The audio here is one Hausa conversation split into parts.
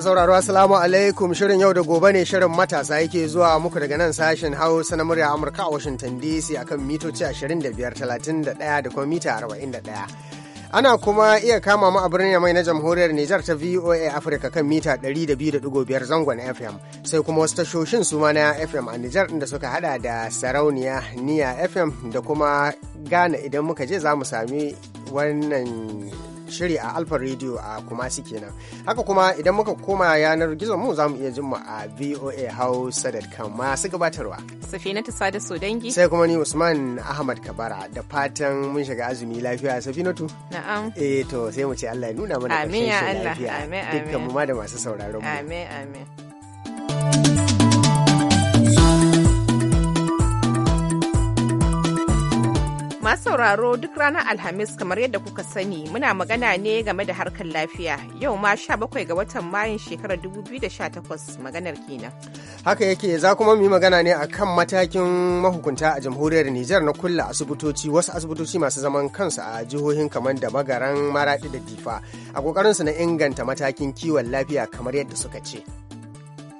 sauraro assalamu alaikum shirin yau da gobe ne shirin matasa yake zuwa muku daga nan sashen hausa na murya amurka a washington dc akan mitoci 25 31 da kuma mita 41 ana kuma iya kama mu a birnin mai na jamhuriyar Nijar ta VOA Africa kan mita 200.5 zangon FM sai kuma wasu tashoshin su ma na FM a Nijar da suka hada da sarauniya niya FM da kuma Ghana idan muka je za mu sami wannan shiri a alfa radio a kumasi kenan haka kuma idan muka koma yanar gizon mu za mu iya jin mu a voa ma masu gabatarwa safina ta sada sodangi sai kuma ni usman ahmad kabara da fatan mun shiga azumi lafiya safinatu na'am eh to sai mu ce allah ya nuna mana ƙarshen lafiya dukkan mu ma da masu sauraron mu amin amin Masu sauraro duk ranar Alhamis kamar yadda kuka sani muna magana ne game da harkar lafiya yau ma bakwai ga watan Mayun shekarar 2018 maganar kenan. Haka yake za kuma mu yi magana ne a kan matakin mahukunta a jamhuriyar Nijar na kulla asibitoci wasu asibitoci masu zaman kansu a jihohin kamar da magaran maraɗi da difa a kokarinsu na inganta matakin kiwon lafiya kamar yadda suka ce.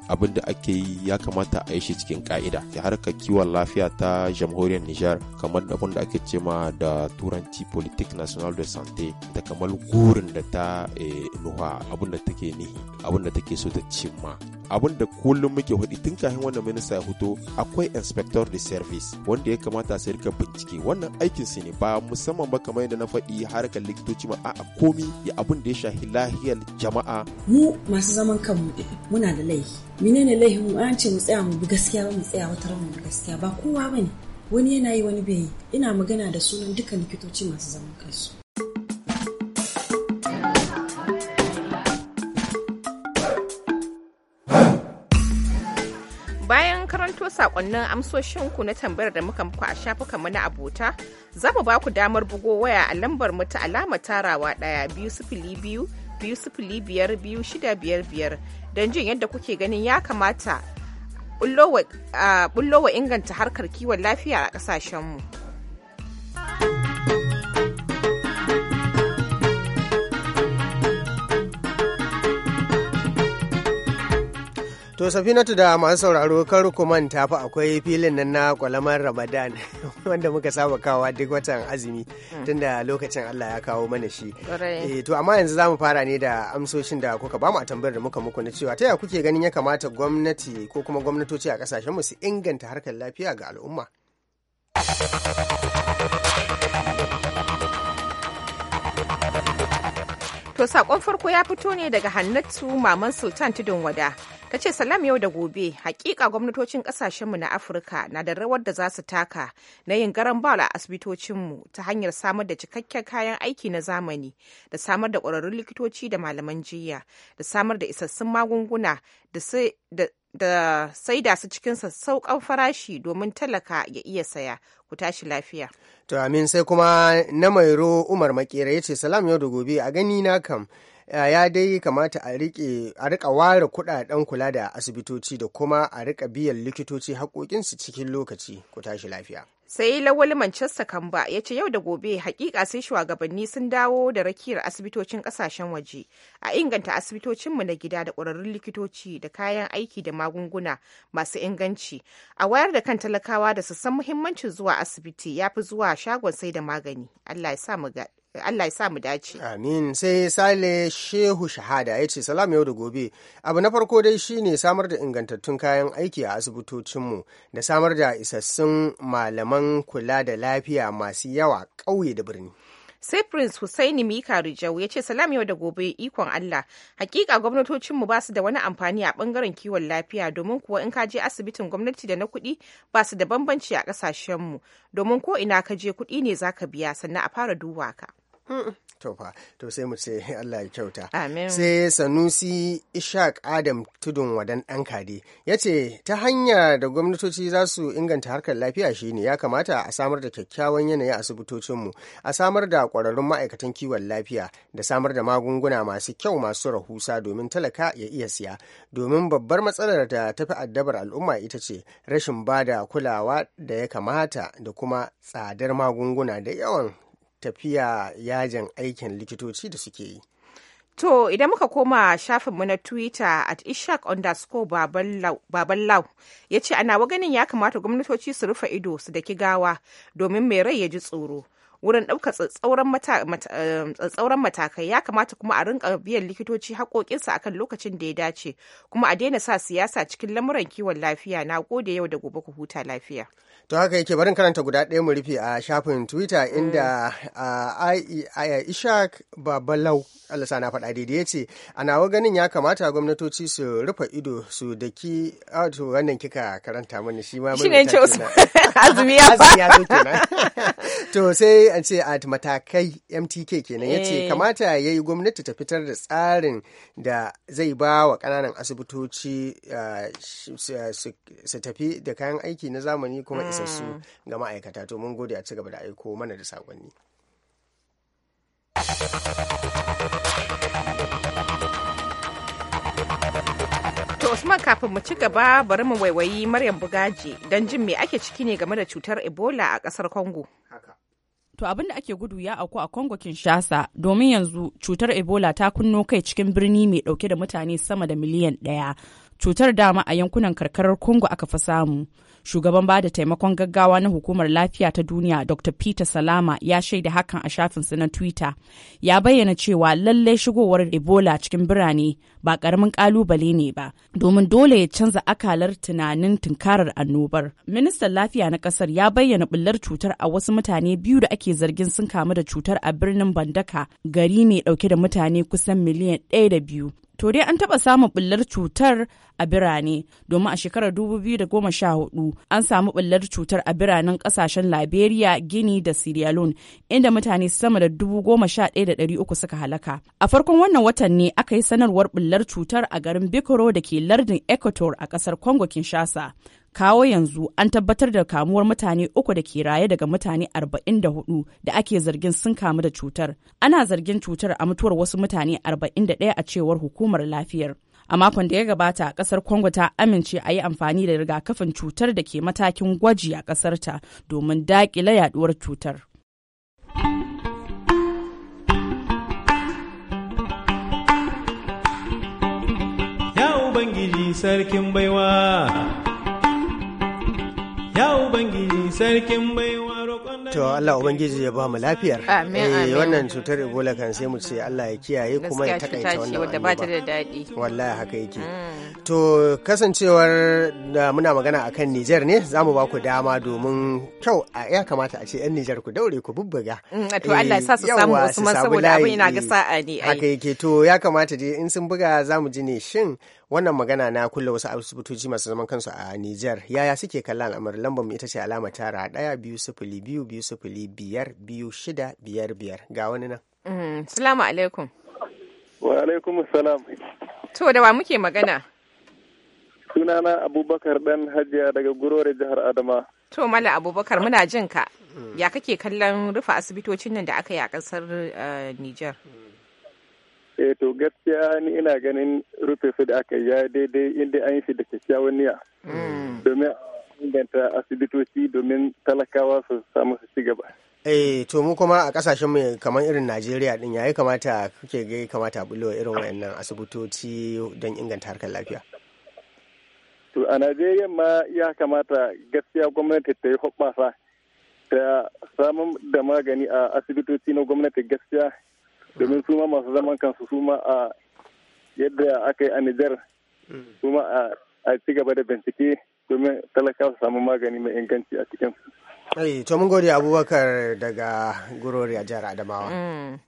abin da ake yi ya kamata a yi shi cikin ka'ida ya harka kiwon lafiya ta jamhuriyar nijar kamar abin da ake cema da turanci politik national de santé da kamar gurin da ta eh, nuha abin da take nihi abin da take so ta cimma abin da kullum muke hudi tun kafin wannan minista ya fito akwai inspector de service wanda ya kamata sai rika bincike wannan aikin su ne ba musamman ba kamar yadda na faɗi harkar likitoci ma a komi ya abin da ya shahi lahiyar jama'a mu masu zaman kanmu muna da laifi menene mu an ce mu tsaya mu bi gaskiya ba mu tsaya wata ran mu gaskiya ba kowa bane wani yana yi wani bai yi ina magana da sunan dukkan likitoci masu zaman kansu rubuto sakonnin ku na tambayar da muka muku a shafukan mu na abota, za mu ba ku damar bugo waya a lambar mu ta alama tarawa daya biyu sifili biyu biyu sifili biyar biyu shida biyar biyar don jin yadda kuke ganin ya kamata bullowa inganta harkar kiwon lafiya a ƙasashenmu. mu. To safinatu da masu sauraro kar ku manta fa akwai filin nan na kwalamar Ramadan wanda muka saba kawa duk watan azumi mm. tunda lokacin Allah ya kawo mana shi. Eh, to amma yanzu zamu fara ne da amsoshin da kuka bamu a tambayar da muka muku na cewa ta ya kuke ganin ya kamata gwamnati ko kuma gwamnatoci a kasashen mu su inganta harkar lafiya ga al'umma. To saƙon farko ya fito ne daga Hannatu Maman Sultan Tudun Wada. ta ce salam yau da gobe hakika gwamnatocin kasashenmu na afirka na da rawar da za su taka na yin garan bawal a asibitocinmu ta hanyar samar da cikakken kayan aiki na zamani da samar da ƙwararrun likitoci da malaman jiya da samar da isassun magunguna da da saida su cikin sassauƙan farashi domin talaka ya iya saya ku tashi lafiya. To amin sai kuma na mairo Umar Makera ya ce salam yau da gobe a gani na kam Eh, ya dai kamata a rika ware kudaden kula da asibitoci da kuma a rika biyan likitoci haƙoƙinsu cikin lokaci ku tashi lafiya sai lawali manchester kamba ya ce yau da gobe hakika sai shugabanni sun dawo da rakiyar asibitocin kasashen waje a inganta asibitocinmu na gida da ƙwararrun likitoci da kayan aiki da magunguna masu inganci a wayar da kan talakawa da su san muhimmancin zuwa asibiti ya fi zuwa shagon sai da magani allah ya sa mu Allah ya sa mu dace. Amin sai Sale Shehu Shahada ya ce salam yau da gobe. Abu na farko dai shine samar da ingantattun kayan aiki a asibitocinmu da samar da isassun malaman kula da lafiya masu yawa ƙauye da birni. sai prince Hussaini mika rijau ya ce salam yau da gobe ikon allah hakika gwamnatocinmu ba su da wani amfani a bangaren kiwon lafiya domin kuwa in ka je asibitin gwamnati da na kuɗi ba su da bambanci a ƙasashenmu domin ko ina ka je kuɗi ne za ka biya sannan a fara duba ka to to sai mu ce Allah ya kyauta sai sanusi ishaq adam tudun wadan ɗan kade ya ce ta hanya da gwamnatoci za su inganta harkar lafiya shine ya kamata a samar da kyakkyawan yanayi a asibitocinmu a samar da ƙwararrun ma'aikatan kiwon lafiya da samar da magunguna masu kyau masu rahusa domin talaka ya iya siya domin babbar matsalar da tafi addabar al'umma ita ce rashin bada kulawa da ya kamata da kuma tsadar magunguna da yawan tafiya yajin aikin likitoci da suke yi To idan muka koma shafinmu na Twitter at Ishak underscore lau ya ce ana ganin ya kamata gwamnatoci su rufe ido su daki gawa domin mai rai ya ji tsoro. wurin ɗaukar tsatsauran eh, matakai ya kamata kuma a rinka biyan likitoci a akan lokacin da ya dace kuma a daina sa siyasa cikin lamuran kiwon lafiya na gode yau da gobe ku huta lafiya to haka yake barin karanta guda ɗaya mu rufe a shafin twitter mm. inda ishak babalau allah na faɗa daidai ya ce a nawa ganin ya kamata gwamnatoci su rufe ido su daki ah, to wannan kika karanta mana shi ma mai azumi ya to sai an ce a matakai MTK kenan ya ce eh. kamata ya yi gwamnati ta fitar da tsarin da zai ba wa ƙananan asibitoci ah, su tafi da kayan aiki na zamani kuma mm. isassu ga ma'aikata to mun gode a ci gaba da aiko mana da saƙonni. To Usman kafin mu ci gaba bari mu waiwayi Maryam Bugaji don jin me ake ciki ne game da cutar Ebola a kasar Congo. Haka. To abin da ake gudu ya auku a Congo Kinshasa domin yanzu cutar Ebola ta kunno kai cikin birni mai dauke da mutane sama da miliyan ɗaya. cutar dama a yankunan karkarar congo aka fi samu shugaban ba da taimakon gaggawa na hukumar lafiya ta duniya dr peter salama ya shaida hakan a shafinsa na twitter ya bayyana cewa lallai shigowar ebola cikin birane ba karamin ƙalubale ne ba domin dole ya canza akalar tunanin tunkarar annobar ministan lafiya na ƙasar ya bayyana bullar cutar a wasu mutane biyu da ake zargin sun kamu da cutar a birnin bandaka gari mai ɗauke da mutane kusan miliyan ɗaya da biyu To dai an taba samun bullar cutar a birane domin a shekarar 2014 an samu bullar cutar a biranen ƙasashen Liberia, Guinea da Sierra Leone inda mutane sama da 11,300 suka halaka. A farkon wannan watan ne aka yi sanarwar bullar cutar a garin Bikoro da ke lardin ecuador a kasar Congo Kinshasa. kawo yanzu an tabbatar da kamuwar mutane uku da ke raye daga mutane 44 da ake zargin sun kamu da cutar ana zargin cutar a mutuwar wasu mutane 41 a cewar hukumar lafiyar a makon da ya gabata kasar congo ta amince a yi amfani da rigakafin cutar da ke matakin gwaji a kasarta domin daƙile yaduwar cutar sarkin baiwa ya ubangiji sarkin baiwa roƙon To Allah Ubangiji ya ba mu lafiyar. Eh, amin Wannan cutar Ebola kan sai mu ce Allah ya kiyaye kuma ya takaita wannan. Gaskiya cuta ba ta da daɗi. Wallahi haka yake. Mm. To kasancewar da muna magana akan Niger ne za mu ba ku dama domin kyau a ya kamata a ce 'yan Niger ku daure ku bubbuga. Mm, to Allah ya sa su eh, samu wasu ma saboda abin yana ga sa'a ne. Haka yake to ya kamata dai in sun buga za mu ji ne shin wannan magana na kulle wasu asibitoci masu zaman kansu a Niger yaya suke kallon al'amarin lambar mu ita ce alama tara ɗaya 2 sifili biyu biyu sifili biyar biyu shida biyar biyar ga wani nan. Mm, salamu alaikum. Wa alaikum salam. To da wa muke magana? Sunana Abubakar dan Hajiya daga Gurore jihar Adama. To Mala Abubakar muna jin ka. Ya kake kallon rufe asibitocin nan da aka yi a ƙasar eh, Nijar? Eh to gaskiya ni ina ganin rufe su da aka yi ya daidai inda an yi shi da kyakkyawan niyya. Mm. Domin inganta asibitoci domin talakawa su samu su ci Eh, to mu kuma a kasashen mu kamar irin Najeriya din yayi kamata kuke ga kamata a bulo irin wayannan asibitoci don inganta harkar lafiya. To a Najeriya ma ya kamata gaskiya gwamnati ta yi hoɓɓasa ta samun da magani a asibitoci na gwamnati gaskiya domin su ma masu zaman kansu su ma a yadda aka yi a Nijar mm. su ma a ci gaba da bincike domin talakawa su samu magani mai inganci a cikin su. Eh, to mun gode abubakar daga gurori a jihar adamawa. Mm.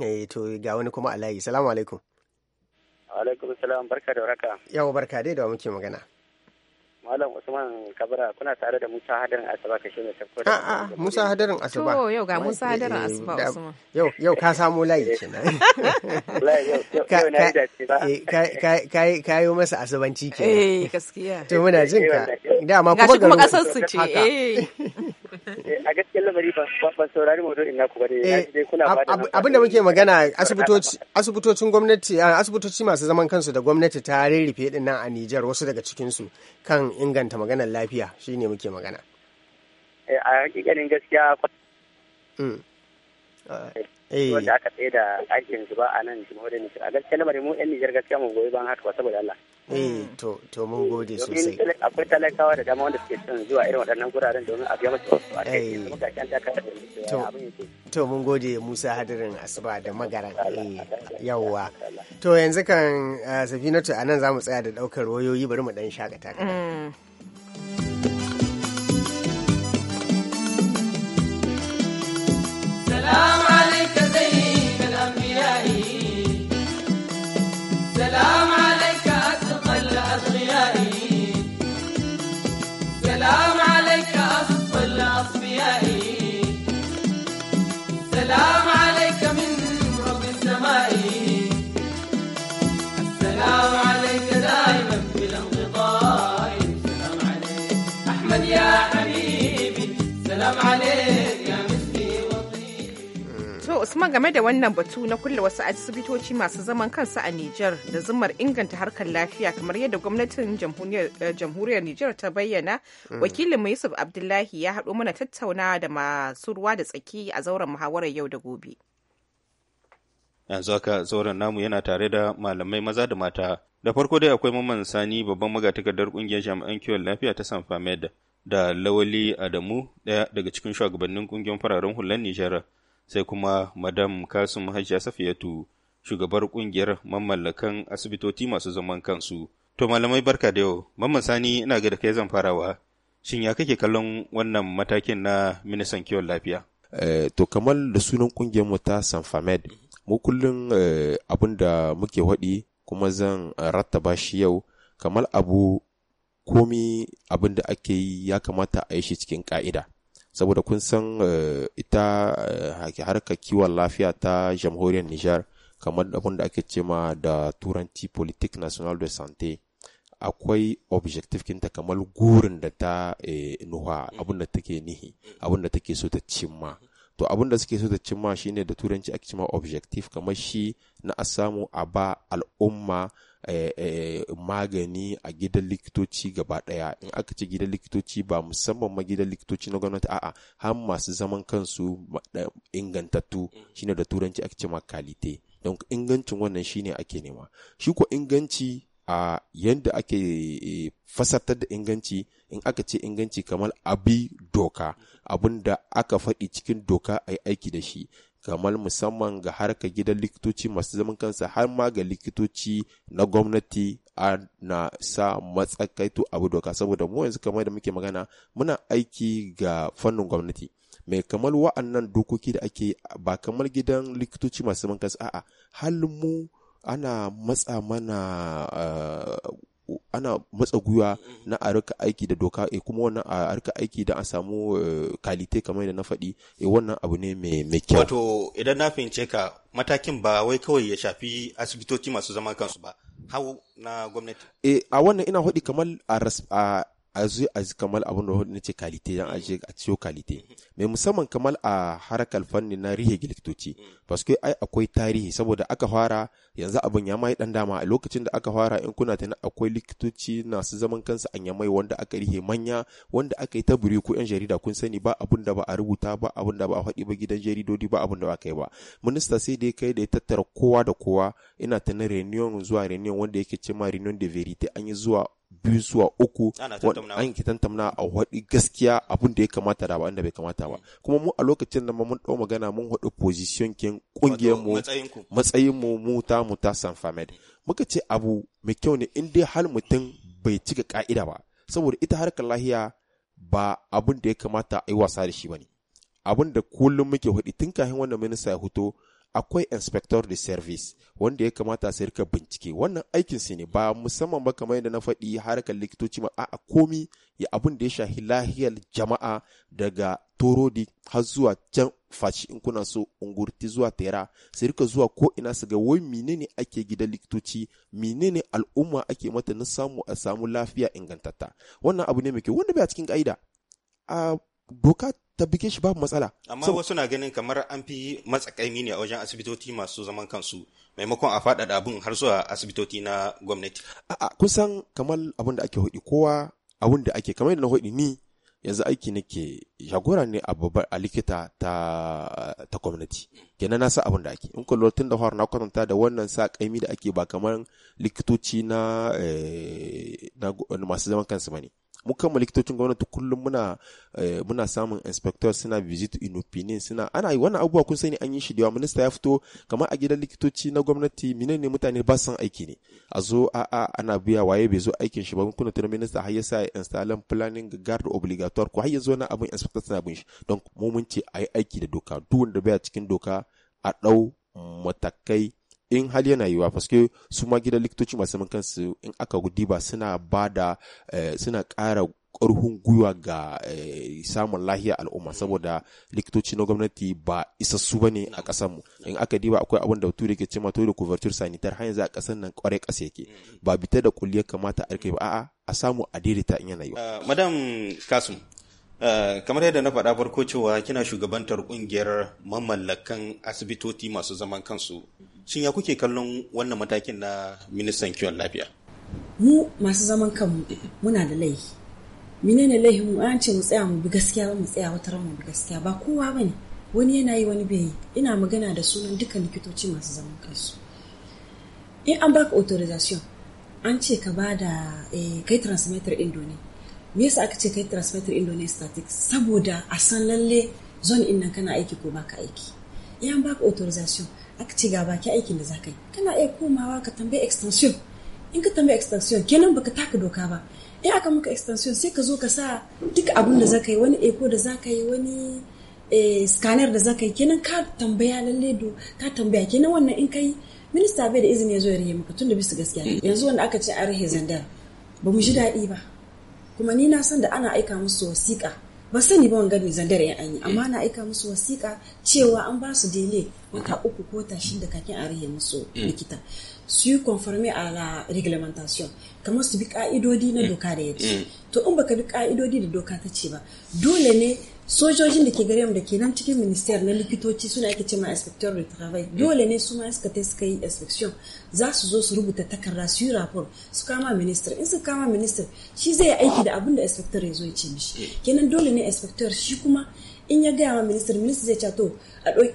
eh to ga wani kuma alayi salamu alaikum. alaikum salam barka da waraka. yawo barka dai da muke magana. Malam Usman Kabira kuna tare da Musa Hadarin Asaba kashe mai tafko da A'a ah, ah, Musa Hadarin Asaba. To yau ga Musa Hadarin eh, Asaba Usman. Yau yau ka samu layi eh. kenan. Layi yau yau na da ba. Eh, ka yi masa asabanci kenan. Eh gaskiya. To muna jin ka. Da ma kuma ga Gashi kuma kasar su ce. Eh. a gaskiyar lamari ba saurari maudu'in naku ba ne eh, abin da muke magana asibitocin gwamnati asibitoci masu zaman kansu da gwamnati ta rarrafe din nan a Nijar wasu daga cikinsu kan inganta maganar lafiya shine muke magana eh, a hakikanin gaskiya mm. eh, wanda aka tsaye da aikin su ba a nan jamhuriyar Nijar a gaskiyar lamari mu yan Nijar gaskiya mu goyi ban haka ba saboda Allah Eh to to mun gode sosai. Domin akwai talakawa da dama wanda suke son zuwa irin waɗannan guraren domin a biya musu a kai eh. To mun gode Musa Hadirin Asuba da Magaran eh yawwa. To yanzu kan eh, Safinatu anan zamu tsaya da daukar wayoyi bari mu dan shakata. To Usman game da wannan batu na kulle wasu asibitoci masu zaman kansu a Nijar da zumar inganta harkar lafiya kamar yadda gwamnatin jamhuriyar eh, Nijar ta bayyana hmm. wakilin Yusuf Abdullahi ya haɗo mana tattaunawa da masu ruwa da tsaki a zauren muhawarar yau da gobe. Yanzu haka zauren namu yana tare da malamai maza da mata. Da farko dai akwai Mamman Sani babban magatakardar kungiyar jami'an kiwon lafiya ta Sanfamed da Lawali Adamu ɗaya daga cikin shugabannin ƙungiyar fararen hular Nijar sai kuma Madam Kasum Hajiya Safiyatu shugabar ƙungiyar mamallakan asibitoci masu zaman kansu. To malamai barka da yau, Mamman Sani ina ga da kai zan farawa. Shin ya kake kallon wannan matakin na ministan kiwon lafiya? Eh, to kamar da sunan ƙungiyar mu ta Sanfamed, mu kullum eh, abin da muke waɗi kuma zan rattaba shi yau kamar abu komi abin da ake yi ya kamata a yi shi cikin ka'ida saboda kun san eh, ita eh, harkar kiwon lafiya ta jamhuriyar nijar kamar abin da ake ma da turanci politik national de santé akwai objective kinta kamar gurin da ta eh, nuha abin da take nihi abin da take so ta cimma to abin da suke so ta cimma shine da turanci ake cimma objective kamar shi na a samu a ba al'umma Eh, eh, magani a gidan likitoci gaba ɗaya in aka ce gidan likitoci ba musamman ma gidan likitoci na gwamnati a'a har masu zaman kansu ingantattu shine da turanci ake ce ma kalite don ingancin wannan shine ake nema shi ko inganci a yadda ake e, fasartar da inganci in aka ce inganci kamar abi doka abin da aka faɗi cikin doka a yi aiki da shi kamar musamman ga harkar gidan likitoci masu zaman kansa har ma ga likitoci na gwamnati ana sa matsakaito abu doka saboda mu yanzu kamar da muke magana muna aiki ga fannin gwamnati mai kamar wa'annan dokoki da ake ba kamar gidan likitoci masu zaman kansa a'a halin mu ana matsa mana eh, ana matsa gwiwa na a rika aiki da doka e kuma wannan a rika aiki da a samu eh, kalite kamar yadda na faɗi e wannan abu ne mai kyau wato idan na fahimce ka matakin ba wai kawai ya shafi asibitoci masu zama kansu ba hau na gwamnati a wannan ina faɗi kamar a a a kamar abin da hudu ce kalite yan aje a ciyo kalite mai musamman kamar a harakar fanni na rihe likitoci paske ai akwai tarihi saboda aka fara yanzu abin ya mai dan dama a lokacin da aka fara in kuna tana akwai likitoci na su zaman kansu an mai wanda aka rihe manya wanda aka yi ta buri ko yan jarida kun sani ba abin da ba a rubuta ba abin da ba a faɗi ba gidan jaridodi ba abin da ba kai ba minista sai dai kai da ya tattara kowa da kowa ina tana reunion zuwa reunion wanda yake cema reunion de verite an yi zuwa biyu zuwa uku an ki tantamna a waɗi gaskiya abin da ya kamata da ba da bai kamata ba kuma mu a lokacin da mun ɗau magana mun haɗu position kin ƙungiyar mu matsayin mu mu ta mu ta San Famed muka ce abu mai kyau ne in dai hal mutum bai cika ka'ida ba saboda ita harkar lahiya ba abin da ya kamata a yi wasa da shi ba ne abin da kullum muke haɗi tun kafin wannan minista ya fito akwai inspector de service wanda ya kamata su rika bincike wannan aikin su ne ba musamman ba kamar yadda na faɗi harkar likitoci ma a komi ya abin da ya shahi lahiyar jama'a daga torodi har zuwa can faci in kuna so ungurti zuwa tera su rika zuwa ko ina su ga wai menene ake gidan likitoci menene al'umma ake mata na samu a samu lafiya ingantatta wannan abu ne mai kyau wanda bai a cikin ka'ida a doka tabbike shi babu matsala amma wasu na ganin kamar an fi matsakaimi ne a wajen asibitoci masu zaman kansu maimakon a faɗaɗa abin har zuwa asibitoci na gwamnati a'a kusan kamar abin da ake hudi kowa abin da ake kamar yadda na hudi ni yanzu aiki ke jagora ne a babbar a likita ta ta gwamnati kenan na sa abin da ake in lura tun da na kwatanta da wannan sa kaimi da ake ba kamar likitoci na eh, na masu zaman kansu bane mu kama likitocin gwamnati kullum muna eh, muna samun inspector suna visit opinion suna ana yi wannan abubuwa kun sani an yi shi da yawa minista ya fito kamar a gidan likitoci na gwamnati menene mutane ba san aiki ne a zo a a ana biya waye bai zo aikin shi ba kuna tunan minista har yasa installan planning guard obligatoire ko har yanzu zo na abin inspector suna bin shi don mu mun ce a yi aiki da doka duk wanda baya cikin doka a ɗau matakai in hali yana yiwa paske su ma gidan likitoci masu zaman kansu in aka diba suna ba da eh, suna kara ƙarfin gwiwa ga eh, samun lahiya al'umma mm. saboda likitoci na gwamnati ba isa ba ne a ƙasar mu in aka diba akwai abin da bature ke cewa to da kuvertur sanitar har yanzu a ƙasar nan ƙwarai ƙasa yake mm. ba bita da kulliyar kamata a ba a'a a samu a daidaita in yana yiwa uh, madam kasum Eh, kamar yadda na faɗa farko cewa kina shugabantar ƙungiyar mamallakan asibitoci masu zaman kansu shin ya kuke kallon wannan matakin na ministan kiwon lafiya mu masu zaman kanmu eh, muna da laihi menene laihin mu an ce mu tsaya mu bi gaskiya ba mu tsaya wata mu bi gaskiya ba kowa bane wani yana yi wani bai ina magana da sunan dukkan likitoci masu zaman kansu in an baka authorization an ce ka ba da eh, kai transmitter indo me yasa aka ce kai transmitter illone static saboda a san lalle zone in nan kana aiki ko baka aiki yan baka authorization aka ce ga baki aikin da za ka yi kana iya komawa ka tambayi extension in ka tambayi extension kenan baka taka doka ba in aka muka extension sai ka zo ka sa duk abin da za ka yi wani echo da za ka yi wani eh, scanner da za ka yi kenan ka tambaya lalle do ka tambaya kenan wannan in ka yi minista bai da izini ya zo ya rage maka tun da bisa gaskiya yanzu wanda aka ce a rahe zandar ba mu ji daɗi ba kuma ni na san da ana aika musu wasiƙa ba sani ba wanga zandar zandare an yi amma ana eh. aika musu wasiƙa cewa an ba su dele wata mm. uku ko tashin shida kakin a musu mm. likita su yi konforme a la reglementation kamar su bi ka'idodi na mm. doka da ya ce to in baka bi ka'idodi da doka ta ce ba dole ne sojojin da ke gare mu da ke nan cikin minister na likitoci suna ake ce ma inspector de travail dole ne su ma suka tai suka yi inspection za su zo su rubuta takarda su yi rapport su kama minister in su kama minister shi zai aiki da abin da inspector ya zo ya ce mishi kenan dole ne inspector shi kuma in ya gaya ma minister minister zai ce to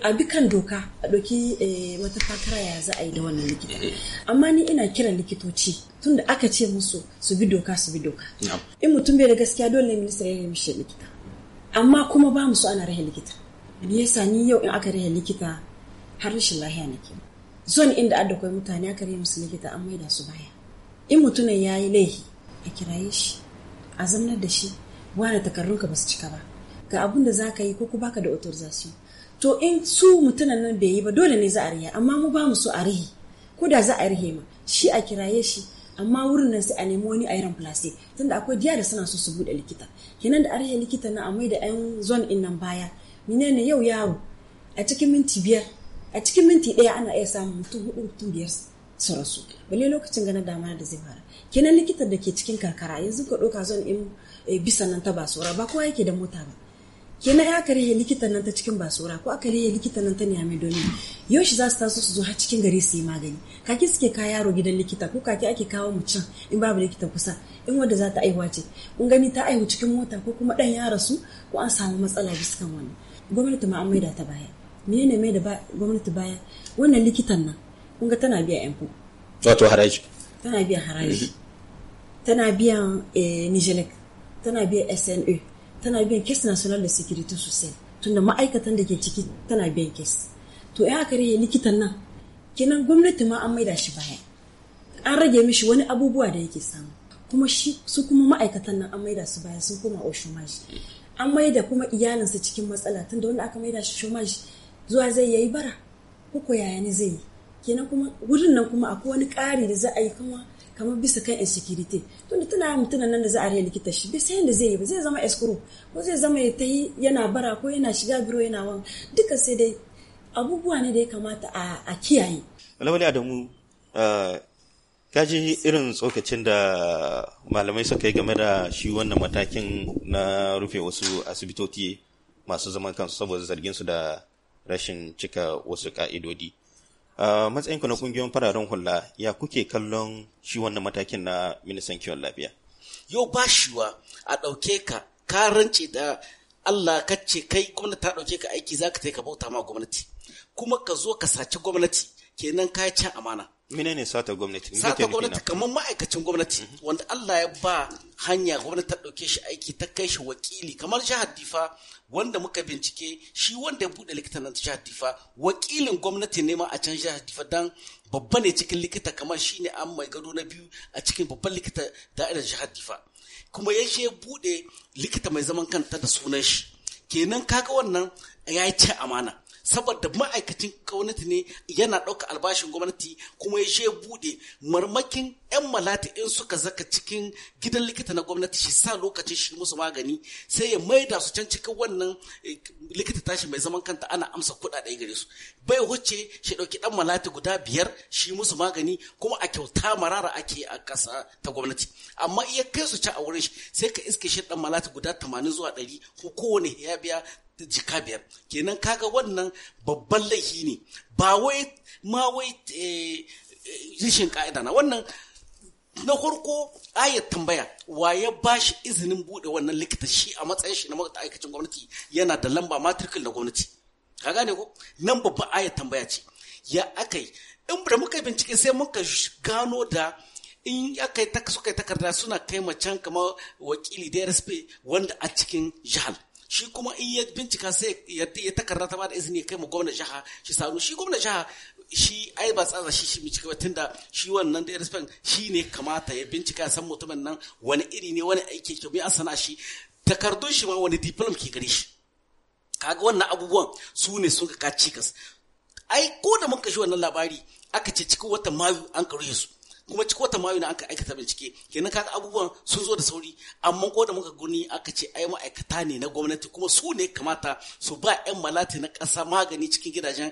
a bi kan doka a ɗauki eh, wata fatara ya za a yi da wannan likita amma ni ina kiran likitoci tunda aka ce musu su bi doka su bi doka in mutum bai da gaskiya dole ne minister ya yi mishi likita amma kuma ba mu so ana rahe likita me yasa ni yau in aka rahe likita har rashin lahiya nake zon inda adda kai mutane aka rahe musu likita an maida su baya in mutumin ya yi laihi a kiraye shi a zamanar da shi wane takarrunka ba su cika ba ga abun da za ka yi ko ku baka da authorization to in su mutunan nan bai yi ba dole ne za a rihe amma mu ba mu so a rihe ko da za a rihe ma shi a kiraye shi amma wurin nan sai a nemi wani a yaran plase tunda akwai diya da suna so su bude likita kenan da arhe likita na amai da yan zon in nan baya menene yau yaro a cikin minti biyar a cikin minti ɗaya ana iya samun mutum hudu mutum biyar su rasu balle lokacin ganin dama da zai fara kenan likitan da ke cikin karkara yanzu ka ɗauka zon in eh, bisa nan ta ba basura ba kowa yake da mota ba kenan ya karye rage likitan nan ta cikin basura ko aka karye likitan nan ta niyame domin yau shi za su taso su zo har cikin gari su yi magani kaki suke ka yaro gidan likita ko kaki ake kawo mu can in babu likita kusa in wadda za ta aihuwa ce kun gani ta aihu cikin mota ko kuma dan ya rasu ko an samu matsala biskan wani gwamnati ma an maida ta baya menene mai da gwamnati baya wannan likitan nan kun ga tana biya yan wato haraji tana biya haraji tana biyan eh, nijelek tana biya sna e. tana biyan kes national da security sosai tunda ma'aikatan da ke ciki tana biyan kes to ya haka rage likitan nan kenan gwamnati ma an maida shi baya an rage mishi wani abubuwa da yake samu kuma shi su kuma ma'aikatan nan an maida su baya sun koma o shomaji an maida kuma iyalinsa cikin matsala tunda wanda aka maida shi shomaji zuwa zai yayi bara ko yaya ne zai yi kenan kuma wurin nan kuma akwai wani ƙari da za a yi kuma kamar bisa kan insecurity tunda tana mutunan nan da za a rai likita shi bisa yadda zai yi ba zai zama escrow ko zai zama ya ta yi yana bara ko yana shiga biro yana wan duka sai dai abubuwa ne da ya kamata a kiyaye walawali adamu ka ji irin tsokacin da malamai suka yi game da shi wannan matakin na rufe wasu asibitoci masu zaman kansu saboda zargin su da rashin cika wasu ka'idodi a matsayinku na kungiyoyin fararen hula ya kuke kallon shi wannan matakin na ministan kiwon lafiya yau ba shiwa a ɗauke ka ka rance da Allah ka ce kai gwamnati ta ɗauke ka aiki za ka ka bauta ma gwamnati kuma ka zo ka saci gwamnati kenan ka ci amana ne sata gwamnati sata gwamnati kamar ma'aikacin gwamnati mhm. wanda Allah ya ba hanya gwamnati ta ɗauke shi aiki ta kai shi wakili kamar jihar Difa wanda muka bincike shi wanda ya buɗe likita nan jihar Difa wakilin gwamnati ne ma a can jihar Difa dan babba ne cikin likita kamar shine an mai gado na biyu a cikin babban likita da'irar jihar Difa kuma ya je buɗe likita mai zaman kanta da sunan shi kenan kaga wannan ya yi ci amana saboda ma'aikacin gwamnati ne yana ɗauka albashin gwamnati kuma ya je buɗe marmakin 'yan malati in suka zaka cikin gidan likita na gwamnati shi sa lokacin shi musu magani sai ya da su can cikin wannan eh, likita tashi mai zaman kanta ana amsa kuɗaɗe gare su bai wuce shi ɗauki ɗan malati guda biyar shi musu magani kuma a kyauta marara ake a ƙasa ta gwamnati amma iya kai su ci a wurin shi sai ka iske shi ɗan malati guda tamanin zuwa ɗari ko kowane ya biya jika biyar kenan kaga wannan babban laifi ne ba wai ma wai eh, rishin ka'ida na wannan na farko ayat tambaya wa ya ba shi izinin bude wannan likita shi a matsayin shi na ma'aikacin gwamnati yana da lamba matrikul na gwamnati ka gane ko nan babban ayat tambaya ce ya akai in da muka bincike sai muka gano da in aka yi takarda suna kai macen kamar wakili da wanda a cikin jihar shi kuma in ya bincika sai ya ya takarda ta ba da izini kai mu gwamnan jiha shi sanu shi gwamnan jiha shi ai ba tsara shi shi bincika ba tunda shi wannan da respect shi ne kamata ya bincika san mutumin nan wani iri ne wani aiki ke mai asana shi takardun shi ma wani diplom ke gare shi kaga wannan abubuwan su ne sun ka cikas ai ko da mun kashi wannan labari aka ce cikin watan mayu an karuhe su kuma ci watan mayu na an ka aikata bincike kenan kaga abubuwan sun zo da sauri amma ko da muka guni aka ce ai ma'aikata ne na gwamnati kuma su ne kamata su ba 'yan malati na ƙasa magani cikin gidajen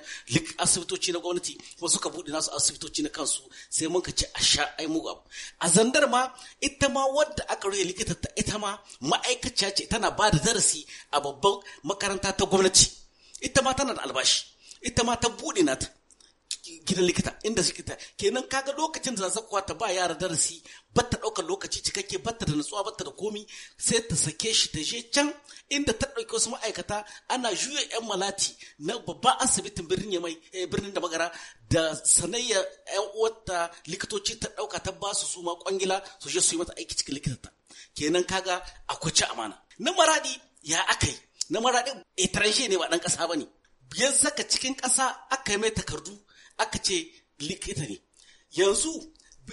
asibitoci na gwamnati kuma suka buɗe nasu asibitoci na kansu sai mun ka ce a sha ai mugu a zandar ma ita ma wadda aka rufe likita ta ita ma ma'aikaciya ce tana ba da darasi a babban makaranta ta gwamnati ita ma tana da albashi ita ma ta buɗe nata gidan likita inda suke ta kenan kaga lokacin da zakuwa ta ba yara darasi ba ta ɗaukar lokaci cikakke ba ta da nutsuwa ta da komi sai ta sake shi ta je can inda ta ɗauki wasu ma'aikata ana juya yan malati na babban asibitin birnin mai eh, birnin da magara da sanayya yan uwarta likitoci ta ɗauka ta ba su su ma kwangila su je su yi mata aiki cikin likitata kenan kaga a kwace amana na maradi ya akai na maradi eh, ne ba ɗan ƙasa ba ne yanzu zaka cikin ƙasa aka yi mai takardu aka ce likita ne yanzu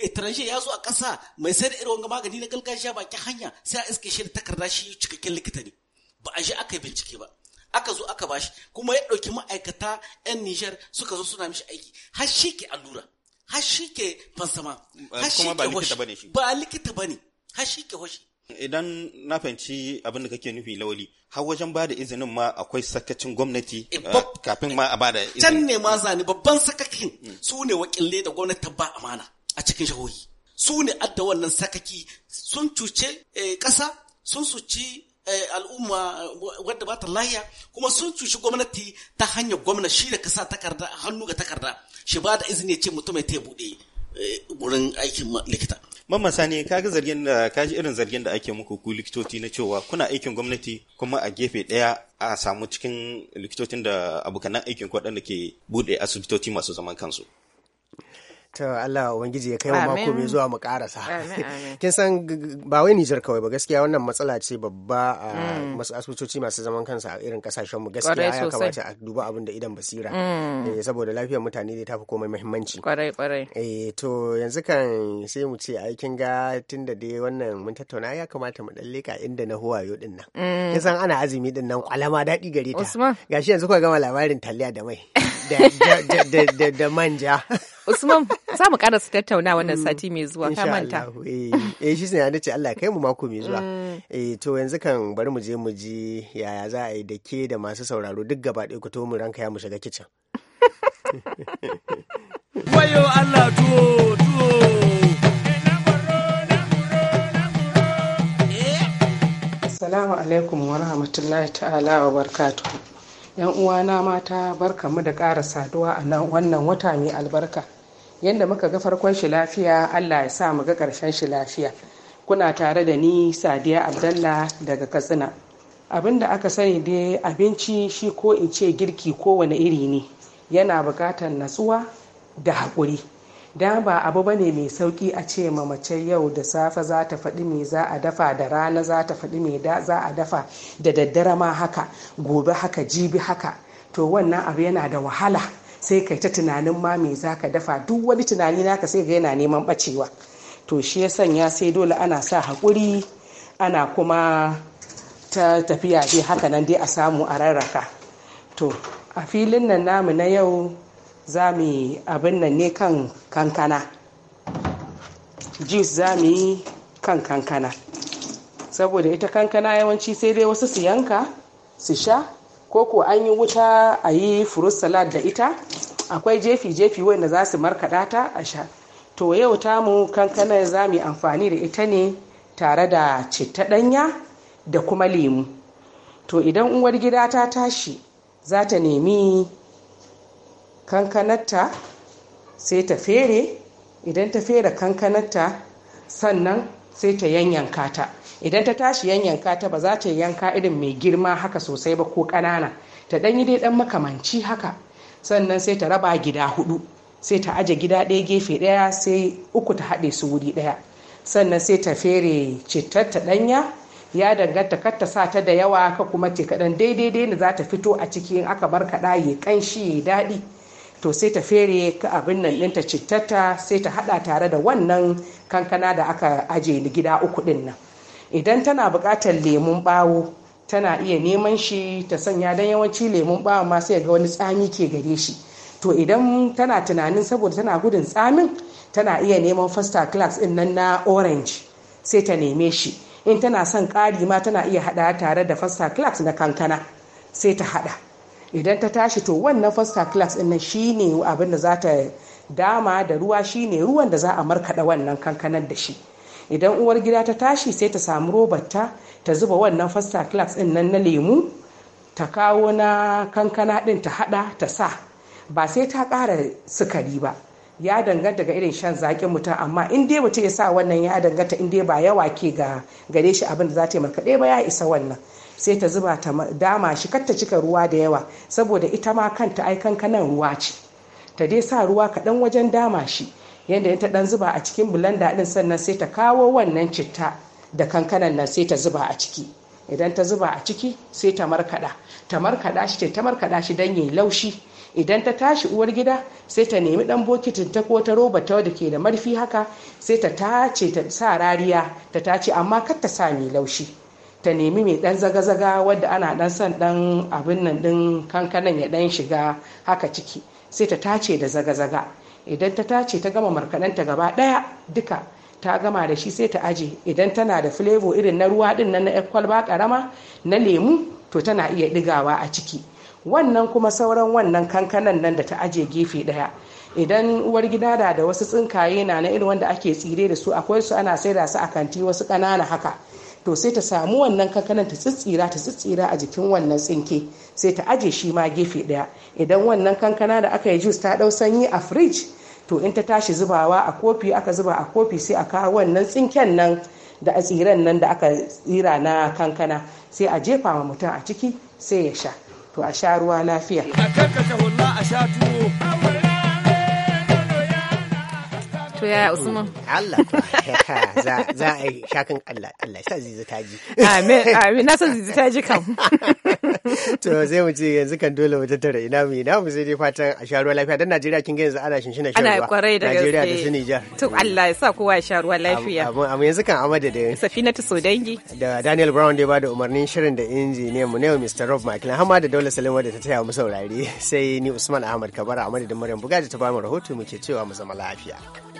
etranje ya zo a ƙasa mai sayar da irin magani na gargajiya baki hanya sai a iske shi da takarda shi cikakken likita ne ba a je aka yi bincike ba aka zo aka bashi kuma ya ɗauki ma'aikata 'yan Nijar suka zo suna mishi aiki har shi ke allura har shi ke fansama har shi ke hoshi ba likita ba ne, har shi ke hoshi Idan na fahimci abin da kake nufi lawali, har wajen ba da izinin ma akwai sakacin gwamnati eh, eh, kafin ma a ba da izinin. Can ne ma zane babban sakakin mm. su ne wakilai da gwamnati ta ba amana a cikin shahohi. Su ne adda wannan sakaki sun cuce eh, ƙasa, sun suci al'umma wadda ba ta lahiya kuma sun cuci gwamnati ta hanyar gwamna shi da kasa takarda hannu ga takarda shi ba da izini ce mutum ya ta buɗe Eh, wurin aikin likita. Mamman Sani, ka ga zargin da ka ji irin zargin da ake muku ku likitoci na cewa kuna aikin gwamnati kuma a gefe ɗaya a samu cikin likitocin da abokanan aikin waɗanda ke buɗe asibitoci masu zaman kansu. ta Allah ubangiji ya kai wa mako mai zuwa mu karasa kin san ba wai Nijar kawai ba gaskiya wannan matsala ce babba a mm. masu asibitoci masu zaman kansa a irin kasashen mu gaskiya ya kamata a duba abin da idan basira mm. eh, saboda lafiyar mutane dai tafi komai muhimmanci kwarai kwarai eh to yanzu kan sai mu ce ai kin ga tunda dai wannan mun tattauna ya kamata mu dan leka inda na huwayo din nan mm. kin san ana azumi din nan kwalama daɗi gare ta gashi yanzu kuka gama labarin taliya da mai da manja. Usman za mu su tattauna wannan mm, sati mai zuwa ka manta. Eh. eh shi ne ya ce Allah kai mu mako mai zuwa. Mm. Eh to yanzu kan bari mu je mu ji yaya za a yi da ke da masu sauraro duk gaba ɗaya ku mu ranka ya mu shiga kicin. Wayo Allah tuwo tuwo. Eh. Assalamu alaikum wa rahmatullahi ta'ala wa barkatu. yan uwana mata barkamu da ƙara saduwa a nan wannan wata mai albarka yadda muka ga farkon shi lafiya allah ya sa mu ga ƙarshen shi lafiya kuna tare da ni sadiya abdallah daga katsina abinda aka sani dai abinci shi ko in ce girki kowane iri ne yana bukatar natsuwa da haƙuri Da ba abu ba ne mai sauki a ce ma mace yau da safe za ta faɗi me za a dafa da rana za ta faɗi me za a dafa da daddare ma haka gobe haka jibi haka to wannan abu yana da wahala sai kai ta tunanin ma me za ka dafa duk wani tunani naka sai ga yana neman ɓacewa. to shi ya sanya sai dole ana sa haƙuri ana kuma ta tafiya dai haka nan dai a samu a rarraka to a filin nan namu na yau za mu yi abin nan ne kan kankana juice za mu yi kan kankana saboda ita kankana yawanci sai dai wasu su yanka su sha ko ko an yi wuta a yi fruit salad da ita akwai jefi-jefi wanda za su markaɗa ta a sha to yau tamu kankana za mu yi amfani da ita ne tare da citta ɗanya da kuma lemu to idan uwar gida ta tashi za ta nemi kankanarta sai ta fere idan ta fere kankanarta sannan sai ta yanyanka ta idan ta tashi yanyanka ta ba za ta yanka irin mai girma haka sosai ba ko ƙanana ta ɗanyi dai ɗan makamanci haka sannan sai ta raba gida hudu sai ta aje gida ɗaya gefe ɗaya sai uku ta haɗe su wuri ɗaya sannan sai ta fere cittar ta ɗanya ya danganta kar ta sa ta da yawa ka kuma ce kaɗan daidai da za ta fito a cikin aka bar kaɗa ya ƙanshi ya daɗi to sai ta fere abin nan ɗinta cittata sai ta haɗa tare da wannan kankana da aka aje gida uku ɗin nan idan tana buƙatar lemun ɓawo tana iya neman shi ta sanya don yawanci lemun ɓawo ma sai ga wani tsami ke gare shi to idan tana tunanin saboda tana gudun tsamin tana iya neman fasta class in nan na orange sai ta neme shi in tana son ƙari ma tana iya haɗa tare da fasta class na kankana sai ta haɗa idan ta tashi to wannan first class din nan shine abin da za ta dama da ruwa shine ruwan da za a markaɗa wannan kankanan da shi idan uwar gida ta tashi sai ta samu robarta ta zuba wannan first class din nan na lemu ta kawo na kankana din ta hada ta sa ba sai ta kara sukari ba ya danganta ga irin shan zaƙin mutum amma in dai mutum ya sa wannan ya danganta in dai ba yawa ke ga gare shi abin da za ta yi ba ya isa wannan sai ta zuba ta dama shi kar ta cika ruwa da yawa saboda ita ma kanta ai kankanan ruwa ce ta dai sa ruwa kaɗan wajen dama shi yadda ta ɗan zuba a cikin bulanda ɗin sannan sai ta kawo wannan citta da kankanan nan sai ta zuba a ciki idan ta zuba a ciki sai ta markaɗa ta markaɗa shi ta markaɗa shi don yayi laushi idan ta tashi uwar gida sai ta nemi ɗan bokitin ta ko ta roba ta da ke da marfi haka sai ta tace ta sa rariya ta tace amma kar ta sa mai laushi ta nemi mai dan zaga-zaga wadda ana dan son dan abin nan din kankanan ya dan shiga haka ciki sai ta tace da zaga-zaga idan ta tace ta gama markaɗanta gaba ɗaya duka ta gama da shi sai ta aje idan tana da flavor irin na ruwa din nan na kwalba karama na lemu to tana iya digawa a ciki wannan kuma sauran wannan kankanan nan da ta aje gefe daya idan uwar gida da wasu tsinkaye na na irin wanda ake tsire da su akwai su ana saida su a kanti wasu ƙanana haka to sai ta samu wannan kankanan ta tsitsira ta tsitsira a jikin wannan tsinke sai ta aje shi ma gefe daya idan wannan kankana da aka yi juice ta dau sanyi a fridge to in ta tashi zubawa a kofi aka zuba a kofi sai a kawo wannan tsinken nan da a tsiran nan da aka tsira na kankana sai a jefa wa mutum a ciki sai ya sha to a sha ruwa lafiya a kankashe a sha tuwo To ya Usman? Allah za a yi shakan Allah Allah sa zizi ta ji. Amin amin na san zizi ta ji kam. To sai mu ce yanzu kan dole mu tattara ina mu ina mu sai dai fatan a sha ruwa lafiya dan Najeriya kin ga yanzu ana shinshina shan ruwa. Ana kwarai da gaske. Najeriya da su Niger. To Allah ya sa kowa ya sha ruwa lafiya. Amin amin yanzu kan amada da Safina ta so dangi. Da Daniel Brown da ba da umarnin shirin da injiniyan mu ne Mr. Rob Michael Hamma da Dole Salim wadda ta taya mu saurare sai ni Usman Ahmad Kabara a da Maryam Buga da ta ba mu rahoto muke cewa mu zama lafiya.